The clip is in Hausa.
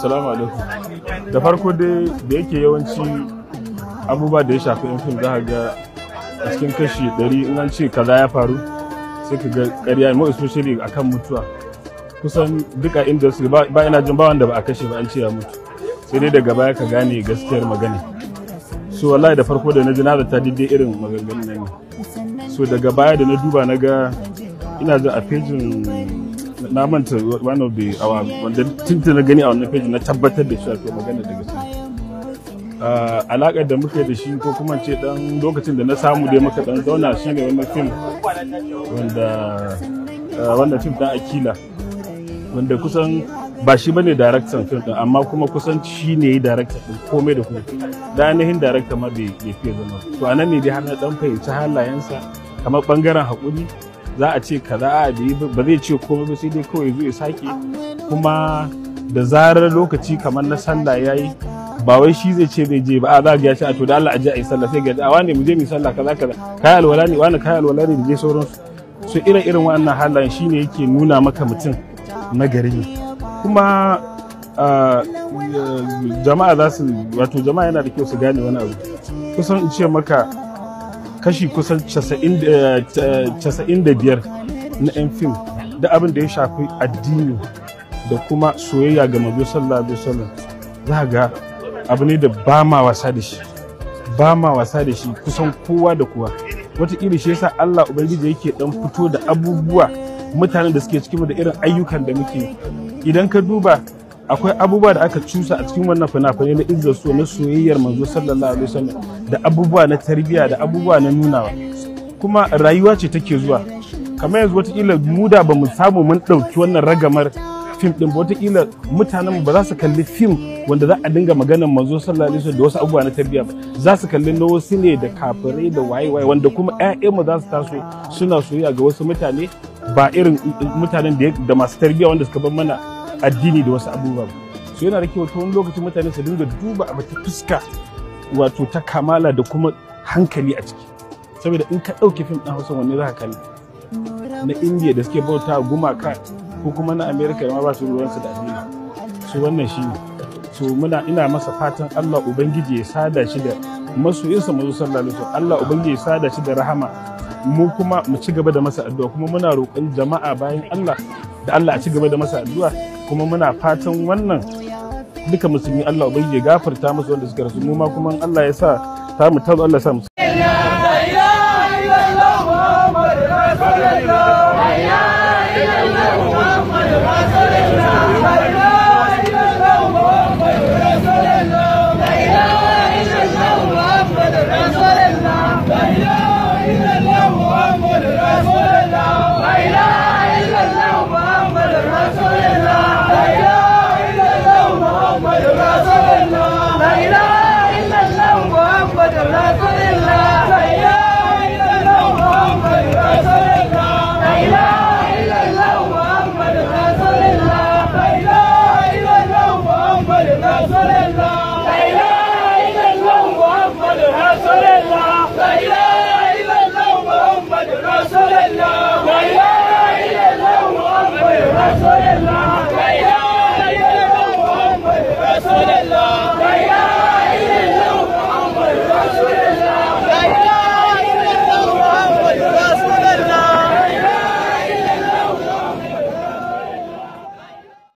Salamu alaikum. Da farko dai da yake yawanci abubuwa da ya shafi yan fim za ga a cikin kashi ɗari in an ce kaza ya faru sai ka ga ƙarya shiri especially akan mutuwa. Kusan duka su ba ina jin ba wanda ba a kashe ba an ce ya mutu. Sai dai daga baya ka gane gaskiyar magana. So wallahi da farko da na ji na zata daidai irin maganganun nan ne. So daga baya da na duba na ga ina jin a fejin na manta one of the awa wanda tuntuna gani a wannan page na tabbatar da cewa magana da gaske ah, alaƙar da muka da shi ko kuma ce dan lokacin da na samu dai muka dan zauna shi ne wannan film wanda ah, wannan film dan akila wanda kusan ba shi bane director film din amma kuma kusan shi ne director din komai da komai da ainihin director ma bai fiye zama to anan ne dai har na dan fahimci halayensa kamar bangaren haƙuri za a ce kaza a bi ba zai ce komai ba sai dai kawai zai sake kuma da zarar lokaci kamar na sallah yi ba wai shi zai ce zai je ba a za ga shi a to da Allah a je a yi sallah sai ga a wani mu je mu sallah kaza kaza kai alwala ne wani kai alwala ne da je sauransu so irin irin wannan halayen shine yake nuna maka mutum na gari ne kuma jama'a za su wato jama'a yana da kyau su gane wani abu kusan in ce maka kashi kusan 95 eh, na 'yan fim da abin da ya shafi addini da kuma soyayya ga mabiyo sallallahu za ga abu ne da ba ma wasa da shi ba ma wasa da shi kusan kowa da kowa wataƙila shi yasa Allah ubangiji yake dan fito da abubuwa mutanen da suke cikin da irin ayyukan da muke idan ka duba akwai abubuwa da aka cusa a cikin wannan fina-finai na izzar so na soyayyar manzo sallallahu alaihi wasallam da abubuwa na tarbiyya da abubuwa na nunawa kuma rayuwa ce take zuwa kamar yanzu watakila muda ba mu samu mun ɗauki wannan ragamar fim ɗin ba watakila mutanen ba za su kalli fim wanda za a dinga maganar manzo sallallahu alaihi da wasu abubuwa na tarbiyya ba za su kalli na wasu ne da kafirai da waye waye wanda kuma ƴaƴanmu za su taso suna soyayya ga wasu mutane ba irin mutanen da masu tarbiyya wanda suka bar mana addini da wasu abubuwa ba so yana da kyau wani lokacin mutane su dinga duba a ta fuska wato ta kamala da kuma hankali a ciki saboda in ka ɗauki fim ɗan hausa wanne za ka kalli na indiya da suke bauta gumaka ko kuma na america ma ba su ruwansu da addini su wannan shi ne so muna ina masa fatan allah ubangiji ya sada shi da masu masoyinsa mazo sallallahu alaihi allah ubangiji ya sada shi da rahama mu kuma mu ci gaba da masa addu'a kuma muna roƙon jama'a bayan allah da allah a ci gaba da masa addu'a kuma muna fatan wannan duka musulmi Allah ubangiji ya gafarta musu wanda suka rasu mu ma kuma Allah ya sa ta mu Allah ya sa mu Mozzarella!